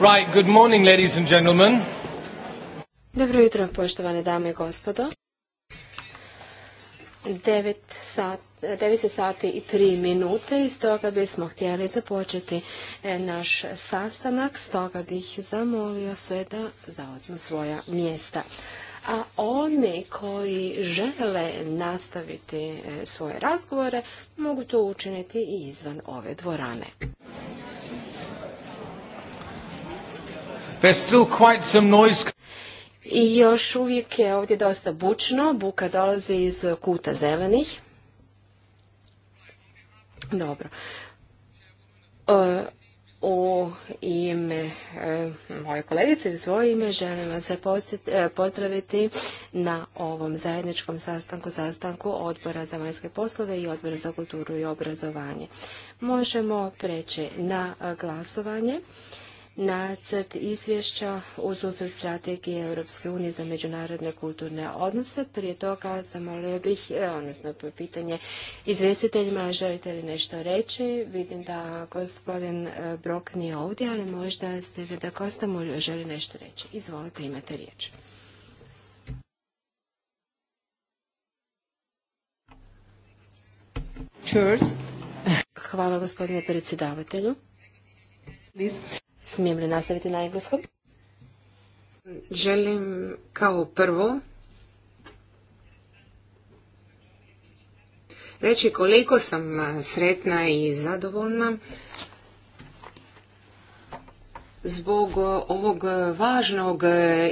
Right, good morning, ladies and gentlemen. Dobro jutro, poštovane dame i gospodo. 9 sat, 9 sati i 3 minute i stoga bismo htjeli započeti e, naš sastanak, stoga bih zamolio sve da zauzmu svoja mjesta. A oni koji žele nastaviti e, svoje razgovore mogu to učiniti i izvan ove dvorane. I još uvijek je ovdje dosta bučno, buka dolazi iz kuta zelenih. Dobro. E, u ime e, moje kolegice i svoje ime želim vas e, pozdraviti na ovom zajedničkom sastanku, sastanku odbora za vanjske poslove i odbora za kulturu i obrazovanje. Možemo preći na glasovanje nacrt izvješća uz uzor strategije Europske unije za međunarodne kulturne odnose. Prije toga zamolio bih, e, odnosno pitanje izvjestiteljima, želite li nešto reći? Vidim da gospodin e, Brok nije ovdje, ali možda ste da Kostamu želi nešto reći. Izvolite, imate riječ. Hvala gospodine predsjedavatelju. Smijem li nastaviti na engleskom? Želim kao prvo reći koliko sam sretna i zadovoljna zbog ovog važnog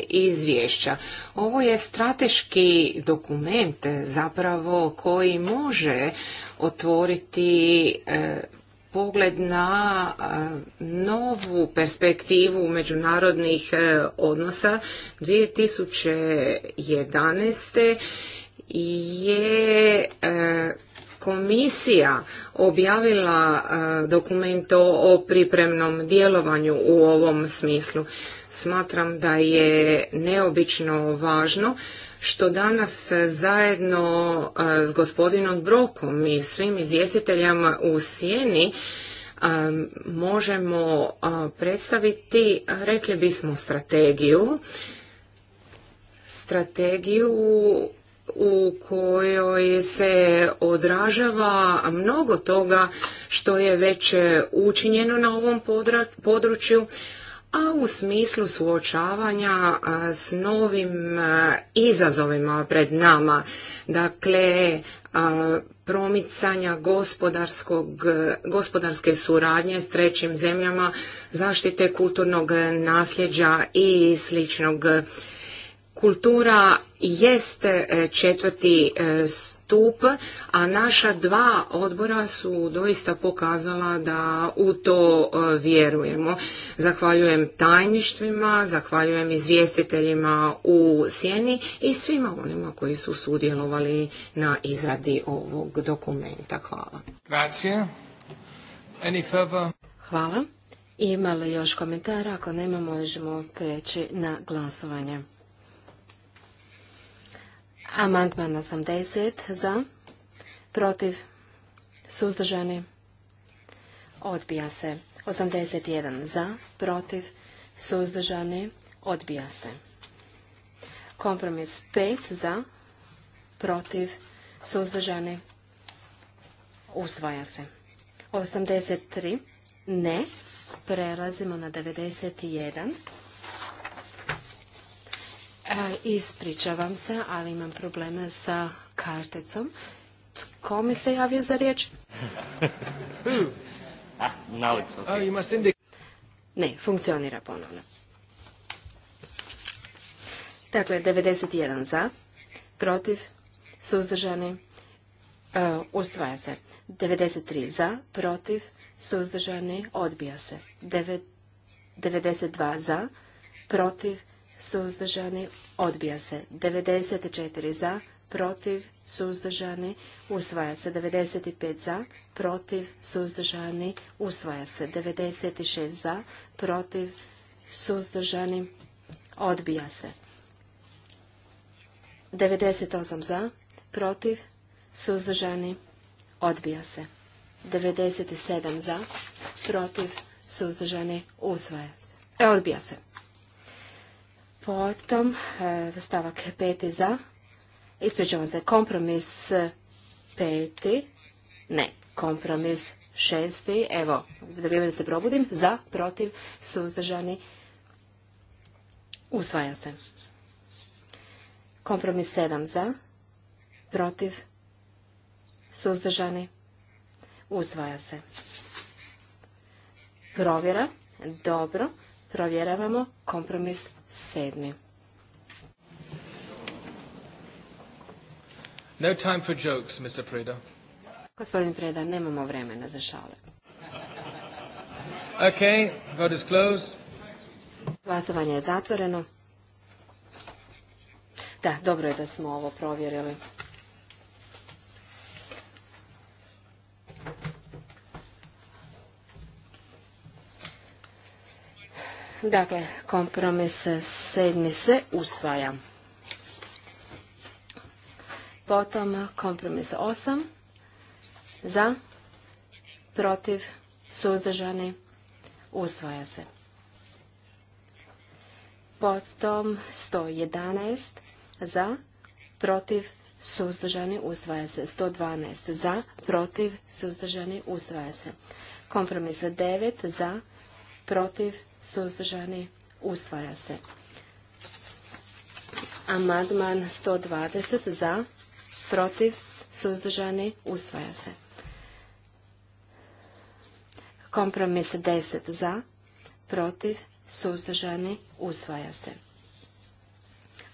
izvješća. Ovo je strateški dokument zapravo koji može otvoriti e, pogled na novu perspektivu međunarodnih e, odnosa 2011. je e, komisija objavila e, dokument o pripremnom djelovanju u ovom smislu. Smatram da je neobično važno što danas e, zajedno e, s gospodinom Brokom i svim izvjestiteljama u Sjeni e, možemo predstaviti, rekli bismo, strategiju. Strategiju u kojoj se odražava mnogo toga što je već učinjeno na ovom području, a u smislu suočavanja s novim izazovima pred nama. Dakle, promicanja gospodarske suradnje s trećim zemljama, zaštite kulturnog nasljeđa i sličnog. Kultura jeste četvrti stup e, stup, a naša dva odbora su doista pokazala da u to e, vjerujemo. Zahvaljujem tajništvima, zahvaljujem izvjestiteljima u Sjeni i svima onima koji su sudjelovali na izradi ovog dokumenta. Hvala. Hvala. Ima li još komentara? Ako nema, možemo preći na glasovanje. Amandman 80 za, protiv, suzdržani, odbija se. 81 za, protiv, suzdržani, odbija se. Kompromis 5 za, protiv, suzdržani, usvaja se. 83 ne, prelazimo na 91 E, ispričavam se, ali imam probleme sa karticom. Tko mi se javio za riječ? Ah, ne, funkcionira ponovno. Dakle, 91 za, protiv, suzdržani, e, usvaja se. 93 za, protiv, suzdržani, odbija se. 92 za, protiv, suzdržani, odbija se. 94 za, protiv, suzdržani, usvaja se. 95 za, protiv, suzdržani, usvaja se. 96 za, protiv, suzdržani, odbija se. 98 za, protiv, suzdržani, odbija se. 97 za, protiv, suzdržani, usvaja se. E, odbija se. Potom e, stavak peti za. Ispričavam se, kompromis peti. Ne, kompromis šesti. Evo, da da se probudim. Za, protiv, suzdržani. Usvaja se. Kompromis sedam za. Protiv, suzdržani. Usvaja se. Provjera. Dobro. Provjeravamo kompromis sedmi. No time for jokes, Mr. Preda. Gospodin Preda, nemamo vremena za šale. ok vote is closed. Glasovanje je zatvoreno. Da, dobro je da smo ovo provjerili. Dakle, kompromis sedmi se usvaja. Potom kompromis osam za, protiv, suzdržani, usvaja se. Potom 111 za, protiv, suzdržani, usvaja se. 112 za, protiv, suzdržani, usvaja se. Kompromis devet za, protiv, suzdržani, usvaja se. Amandman 120 za, protiv, suzdržani, usvaja se. Kompromis 10 za, protiv, suzdržani, usvaja se.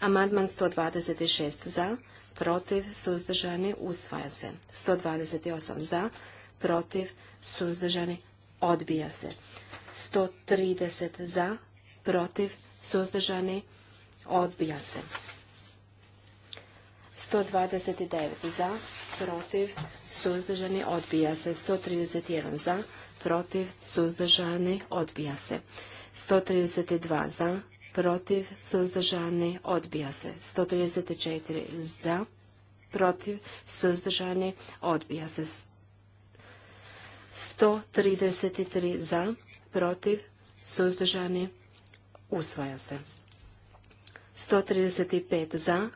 Amandman 126 za, protiv, suzdržani, usvaja se. 128 za, protiv, suzdržani, odbija se. 130 za, protiv, suzdržani, odbija se. 129 za, protiv, suzdržani, odbija se. 131 za, protiv, suzdržani, odbija se. 132 za, protiv, suzdržani, odbija se. 134 za, protiv, suzdržani, odbija se. 133 za, protiv, suzdržani, usvaja se. 135 za,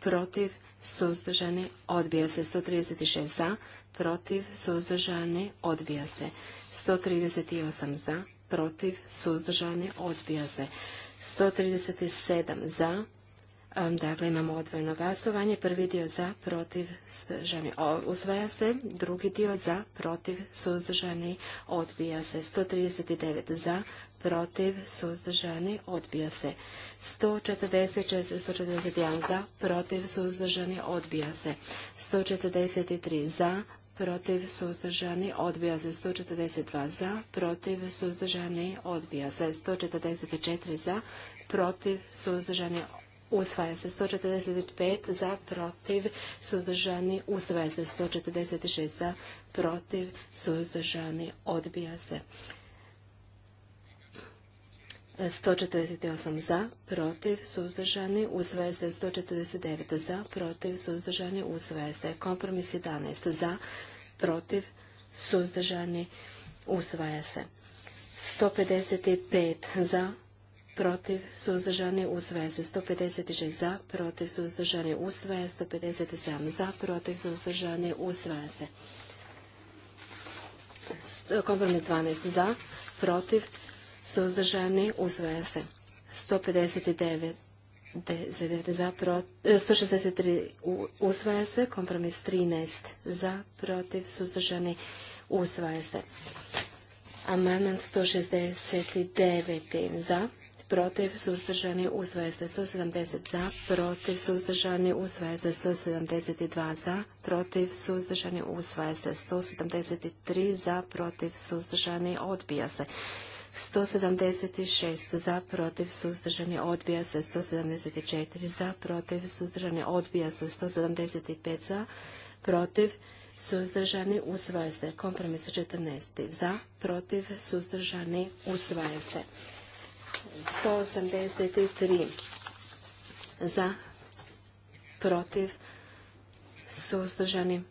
protiv, suzdržani, odbija se. 136 za, protiv, suzdržani, odbija se. 138 za, protiv, suzdržani, odbija se. 137 za, Dakle, imamo odvojeno glasovanje. Prvi dio za, protiv, suzdržani, usvaja se. Drugi dio za, protiv, suzdržani, odbija se. 139 za, protiv, suzdržani, odbija se. 144 141 za, protiv, suzdržani, odbija se. 143 za, protiv, suzdržani, odbija se 142 za, protiv, suzdržani, odbija se 144 za, protiv, suzdržani, usvaja se 145 za protiv suzdržani usvaja se 146 za protiv suzdržani odbija se 148 za, protiv, suzdržani, usvaja se 149 za, protiv, suzdržani, usvaja se. Kompromis 11 za, protiv, suzdržani, usvaja se. 155 za, protiv, suzdržani, usvaja se 156 za, protiv, suzdržani, usvaja 157 za, protiv, suzdržani, usvaja se. Kompromis 12 za, protiv, suzdržani, usvaja se. 159 za, Protiv 163 usvaja se, kompromis 13 za, protiv, suzdržani, usvaja se. Amandman 169 za, protiv, suzdržani, usvoje se 170 za, protiv, suzdržani, usvoje se 172 za, protiv, suzdržani, usvoje se 173 za, protiv, suzdržani, odbija se. 176 za, protiv, suzdržani, odbija se 174 za, protiv, suzdržani, odbija se 175 za, protiv, suzdržani, usvaja se. Kompromis 14 za, protiv, suzdržani, usvaja se. 183 za protiv suzdržani.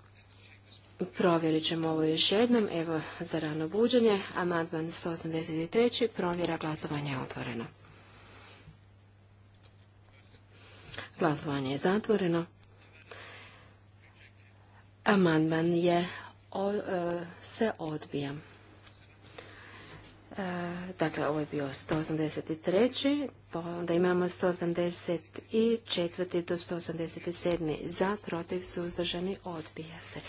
Provjerit ćemo ovo još jednom. Evo za rano buđenje. Amandman 183. Provjera glasovanja je otvoreno. Glasovanje je zatvoreno. Amandman je e, se odbija. E, dakle, ovo je bio 183. Pa onda imamo 184. do 187. Za, protiv, suzdržani, odbija se.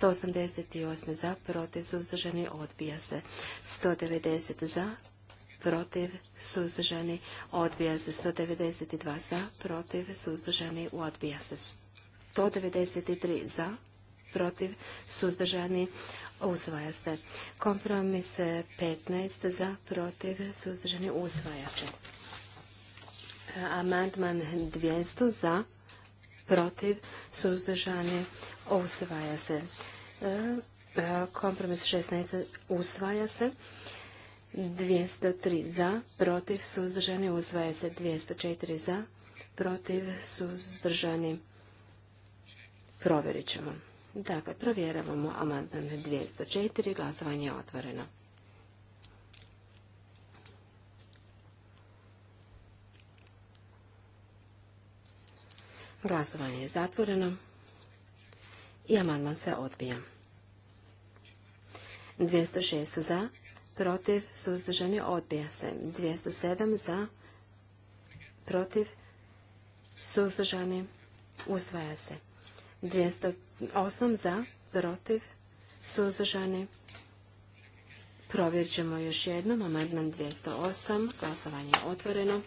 188. Za, protiv, suzdržani, odbija se. 190. Za, protiv, suzdržani, odbija se. 192. Za, protiv, suzdržani, odbija se. 193. Za, protiv, suzdržani, usvaja se. Kompromis 15 za, protiv, suzdržani, usvaja se. Amandman 200 za, protiv, suzdržani, usvaja se. E, kompromis 16 usvaja se. 203 za, protiv, suzdržani, usvaja se. 204 za, protiv, suzdržani. Provjerit ćemo. Dakle, provjeravamo amandman 204, glasovanje je otvoreno. Glasovanje je zatvoreno i amandman se odbija. 206 za, protiv, suzdržani, odbija se. 207 za, protiv, suzdržani, usvaja se. 208 za, protiv, suzdržani. Provjerit ćemo još jednom. Amandman 208. Glasovanje je otvoreno.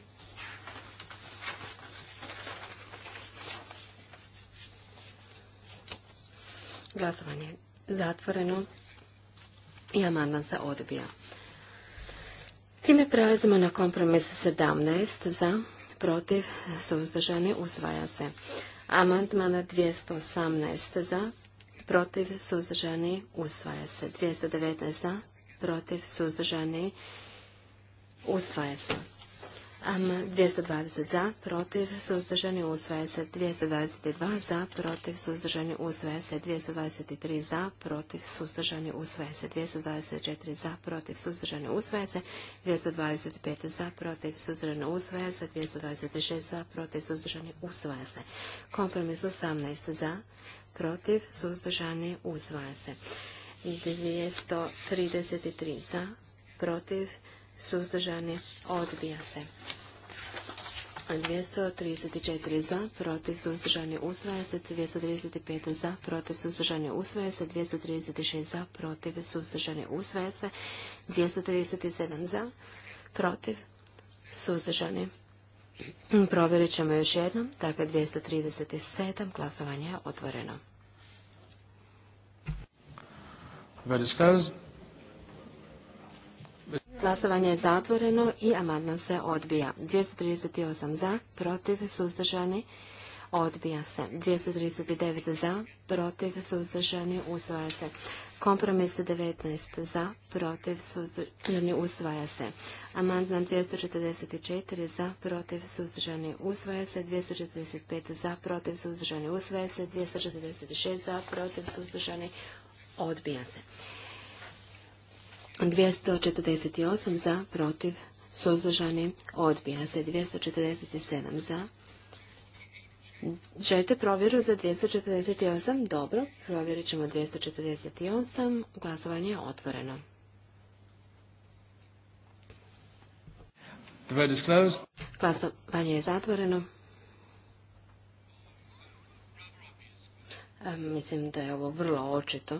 Glasovanje je zatvoreno i amandman se odbija. Time prelazimo na kompromis 17 za, protiv, suzdržani, usvaja se. Amandmana 218 za, protiv, suzdržani, usvaja se. 219 za, protiv, suzdržani, usvaja se. 220 za, protiv, suzdržani, usvaja se 222 za, protiv, suzdržani, usvaja se 223 za, protiv, suzdržani, usvaja se 224 za, protiv, suzdržani, usvaja se 225 za, protiv, suzdržani, usvaja se 226 za, protiv, suzdržani, usvaja se. Kompromis 18 za, protiv, suzdržani, usvaja se. 233 za, protiv, suzdržani, odbija se. 234 za, protiv suzdržani usvaja se, 235 za, protiv suzdržani usvaja se, 236 za, protiv suzdržani usvaja se, 237 za, protiv suzdržani. Provjerit ćemo još jednom, dakle 237, glasovanje je otvoreno. Hvala. Glasovanje je zatvoreno i amandman se odbija. 238 za, protiv, suzdržani, odbija se. 239 za, protiv, suzdržani, usvaja se. Kompromis 19 za, protiv, suzdržani, usvaja se. Amandman 244 za, protiv, suzdržani, usvaja se. 245 za, protiv, suzdržani, usvaja se. 246 za, protiv, suzdržani, odbija se. 248 za, protiv, suzdržani, odbija se. 247 za. Želite provjeru za 248? Dobro, provjerit ćemo 248. Glasovanje je otvoreno. Glasovanje je zatvoreno. mislim da je ovo vrlo očito.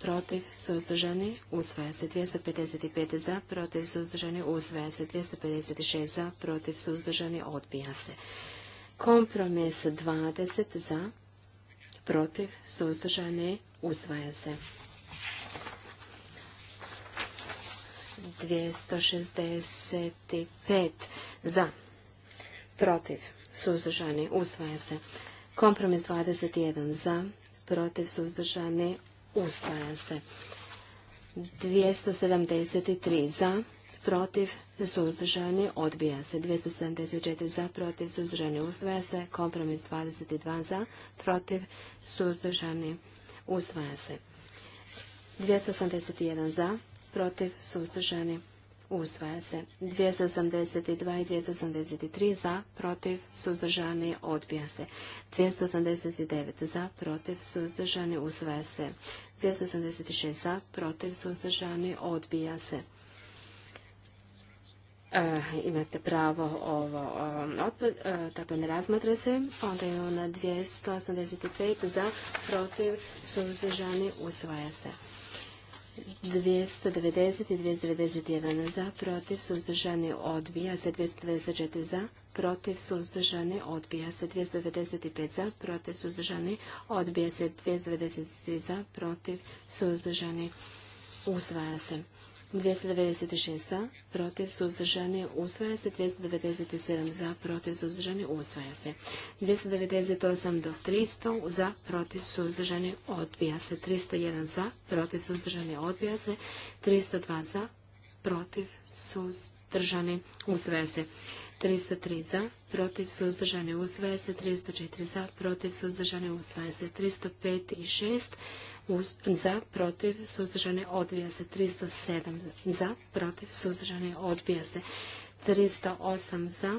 protiv, suzdržani, usvaja se 255 za, protiv, suzdržani, usvaja se 256 za, protiv, suzdržani, odbija se. Kompromis 20 za, protiv, suzdržani, usvaja se. 265 za, protiv, suzdržani, usvaja se. Kompromis 21 za, protiv, suzdržani, usvaja se. 273 za, protiv, suzdržani, odbija se. 274 za, protiv, suzdržani, usvaja se. Kompromis 22 za, protiv, suzdržani, usvaja se. 281 za, protiv, suzdržani, Usvaja se. 282 i 283 za, protiv, suzdržani, odbija se. 289 za, protiv, suzdržani, usvaja se. 286 za, protiv, suzdržani, odbija se. E, imate pravo ovo otpad, e, ne razmatra se, onda je ona 285 za, protiv, suzdržani, usvaja se. 290 i 291 za, protiv, suzdržani, odbija se 254 za, protiv, suzdržani, odbija se 295 za, protiv, suzdržani, odbija se 293 za, protiv, suzdržani, usvaja se. 296 za, protiv, suzdržani, usvaja se. 297 za, protiv, suzdržani, usvaja se. 298 do 300 za, protiv, suzdržani, odbija se. 301 za, protiv, suzdržani, odbija se. 302 za, protiv, suzdržani, usvaja se. 303 za, protiv suzdržani usvaja se, 304 za, protiv suzdržani usvaja se, 305 i 6 za, protiv, suzdržani, odbija se. 307 za, protiv, suzdržani, odbija se. 308 za,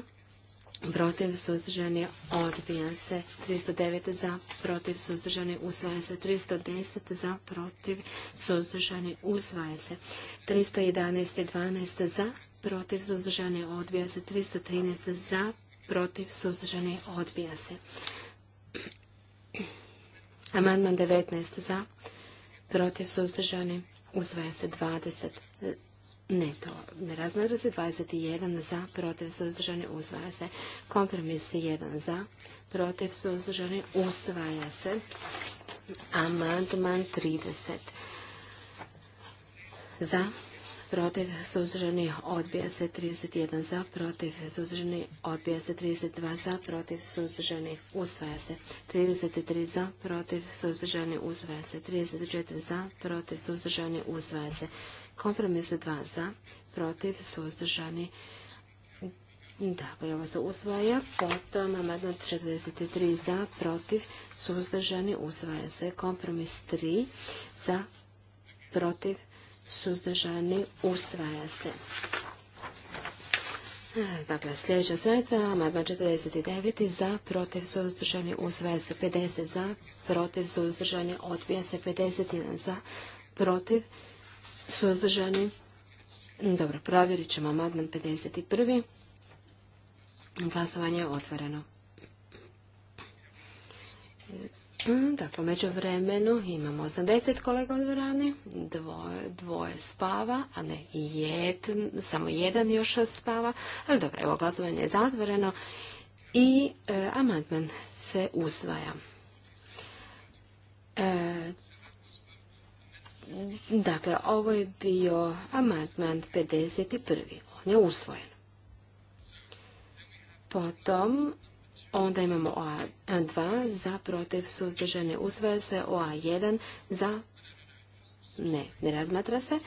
protiv, suzdržani, odbija se. 309 za, protiv, suzdržani, usvaja se. 310 za, protiv, suzdržani, usvaja se. 311 12 za, protiv, suzdržani, odbija se. 313 za, protiv, suzdržani, odbija se. Amandman 19 za, protiv suzdržani, usvaja se 20. Ne, to ne razmatra se 21 za, protiv suzdržani, usvaja se. Kompromis 1 za, protiv suzdržani, usvaja se. Amandman 30 za, protiv, suzdržani, odbija se 31 za, protiv, suzdržani, odbija se 32 za, protiv, suzdržani, usvaja se 33 za, protiv, suzdržani, usvaja se 34 za, protiv, suzdržani, usvaja se. Kompromis 2 za, protiv, suzdržani, je pa ovo se usvaja, potom amandman 43 za, protiv, suzdržani, usvaja se. Kompromis 3 za, protiv, suzdržani, usvaja se. E, dakle, sljedeća stranica, četrdeset 49. za, protiv, suzdržani, usvaja se 50 za, protiv, suzdržani, odbija se 51 za, protiv, suzdržani. Dobro, provjerit ćemo amadman 51. Glasovanje je otvoreno. Dakle, među vremenu imamo 80 kolega u dvorani, dvoje, spava, a ne jedan, samo jedan još spava. Ali dobro, evo, glasovanje je zatvoreno i e, amandman se usvaja. E, dakle, ovo je bio amandman 51. On je usvojen. Potom Onda imamo OA2 za protiv suzdržane usvaja se, OA1 za ne, ne razmatra se.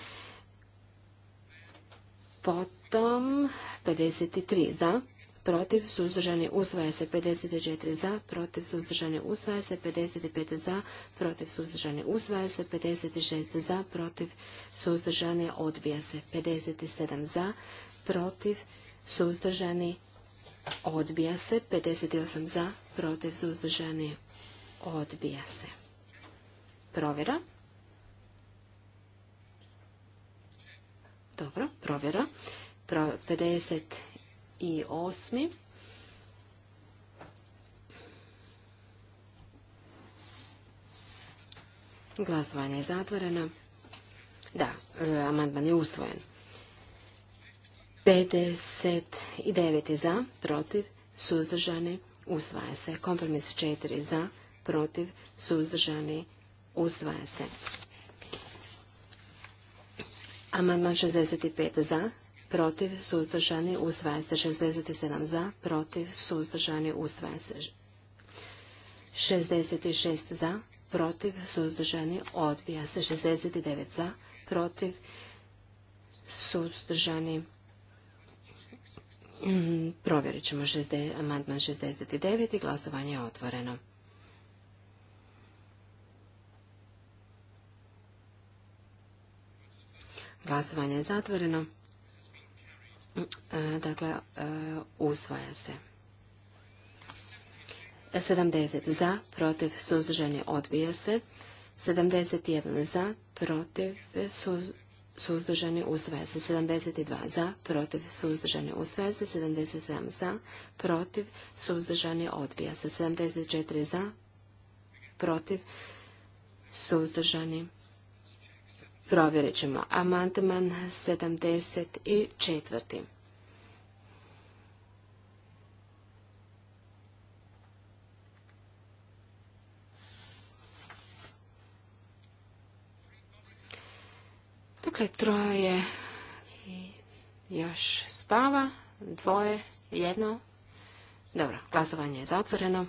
Potom 53 za protiv suzdržane usvaja se 54 za, protiv suzdržane usvaja se 55 za, protiv suzdržane usvaja se 56 za, protiv suzdržane odbija se 57 za, protiv suzdržani Odbija se. 58 za, protiv, suzdržani. Odbija se. Provjera. Dobro, provjera. 58. Glasovanje je zatvoreno. Da, e, amandman je usvojen. 59 za, protiv, suzdržani, usvaja se. Kompromis 4 za, protiv, suzdržani, usvaja se. Amandman 65 za, protiv, suzdržani, usvaja se. 67 za, protiv, suzdržani, usvaja se. 66 za, protiv, suzdržani, odbija se. 69 za, protiv, suzdržani, usvaja se Mhm, provjerit ćemo amandman 69 i glasovanje je otvoreno. Glasovanje je zatvoreno. E, dakle, e, usvaja se. 70 za, protiv, suzdržani, odbija se. 71 za, protiv, suzdržani suzdržani u svezi 72 za, protiv suzdržani u svezi 77 za, protiv suzdržani odbija se 74 za, protiv suzdržani. Provjerit ćemo amandman 74. Dakle, troje još spava, dvoje, jedno. Dobro, glasovanje je zatvoreno.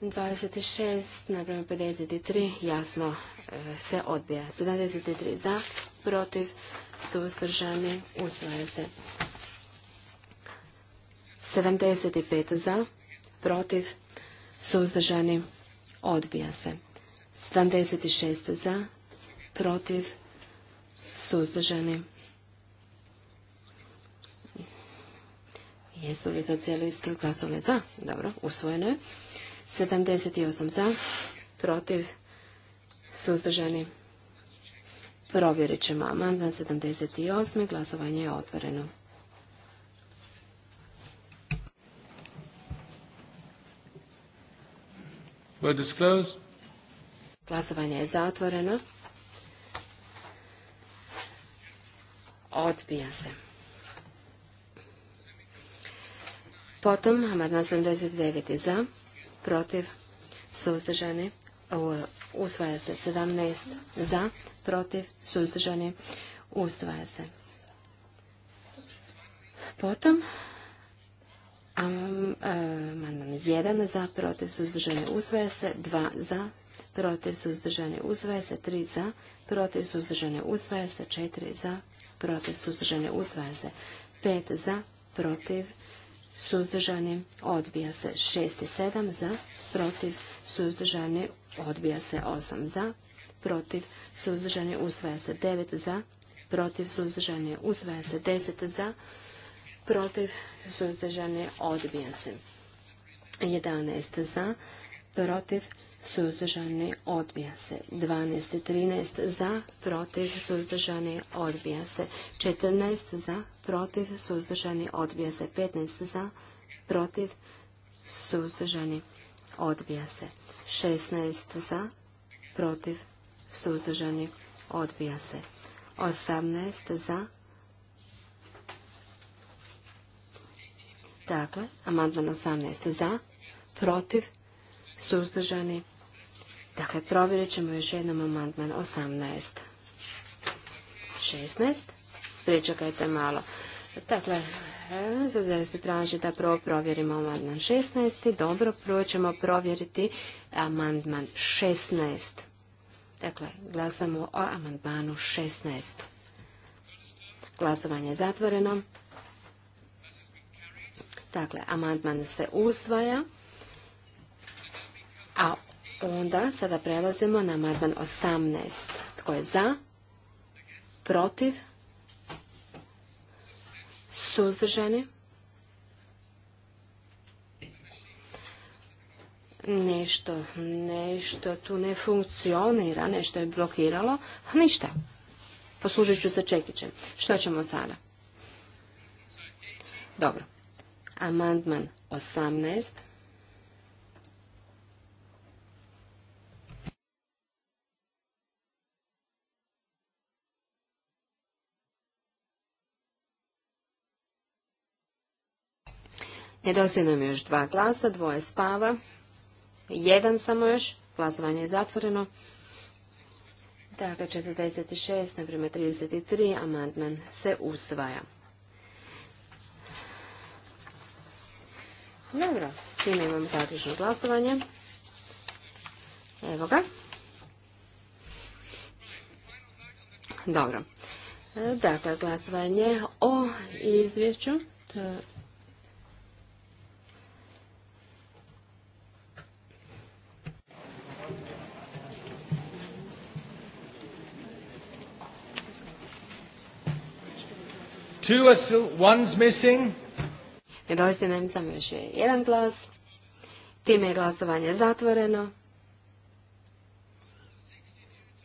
26 naprema 53 jasno e, se odbija. 73 za, protiv, suzdržani, usvaja se. 75 za, protiv, suzdržani, odbija se. 76 za, protiv, suzdržani. Jesu li socijalisti glasovali za? Dobro, usvojeno je. 78 za, protiv, suzdržani. Provjerit ćemo amandman 78. Glasovanje je otvoreno. Glasovanje je zatvoreno. Odbija se. Potom, amandman 79. za, protiv, suzdržani, usvaja se 17. za, protiv, suzdržani, usvaja se. Potom, Amandman 1 za, protiv, suzdržani, usvaja se. 2 za, protiv, suzdržani, usvaja se. 3 za, protiv, suzdržani, usvaja se. 4 za, protiv, suzdržani, usvaja se. 5 za, protiv, suzdržani, odbija se. 6 i 7 za, protiv, suzdržani, odbija se. 8 za, protiv, suzdržani, usvaja se. 9 za, protiv, suzdržanje usvaja se. 10 za, protiv, protiv, suzdržani, odbijen se. 11 za, protiv, suzdržani, odbijen se. 12 i 13 za, protiv, suzdržani, odbijen se. 14 za, protiv, suzdržani, odbijen se. 15 za, protiv, suzdržani, odbijen se. 16 za, protiv, suzdržani, odbija se. 18 za, Dakle, amandman 18 za, protiv, suzdržani. Dakle, provjerit ćemo još jednom amandman 18. 16. Pričekajte malo. Dakle, sada se traži da prvo provjerimo amandman 16. Dobro, prvo ćemo provjeriti amandman 16. Dakle, glasamo o amandmanu 16. Glasovanje je zatvoreno. Dakle, amandman se usvaja. A onda sada prelazimo na amandman 18. Tko je za? Protiv? Suzdržani? Nešto, nešto tu ne funkcionira, nešto je blokiralo. Ništa. Poslužit ću se čekićem. Što ćemo sada? Dobro. Amandman 18. Nedostaje nam još dva glasa, dvoje spava, jedan samo još, glasovanje je zatvoreno. Dakle, 46, naprema 33, amandman se usvaja. Dobro, time imam zaključno glasovanje. Evo ga. Dobro. Dakle, glasovanje o izvješću. Two are still, one's missing. I doista nam samo još jedan glas. Time je glasovanje zatvoreno.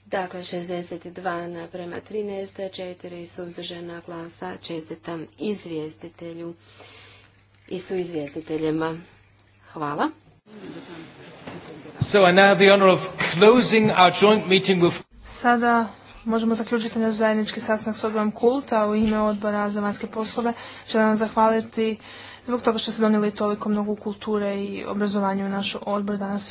Dakle, 62 naprema 13, 4 suzdržana glasa. Čestitam izvjestitelju i su izvjestiteljima. Hvala. So the honor of closing our joint meeting with... Sada možemo zaključiti naš zajednički sastanak s odborom Kulta u ime odbora za vanjske poslove. Želim vam zahvaliti zbog toga što ste donijeli toliko mnogo kulture i obrazovanja u naš odbor danas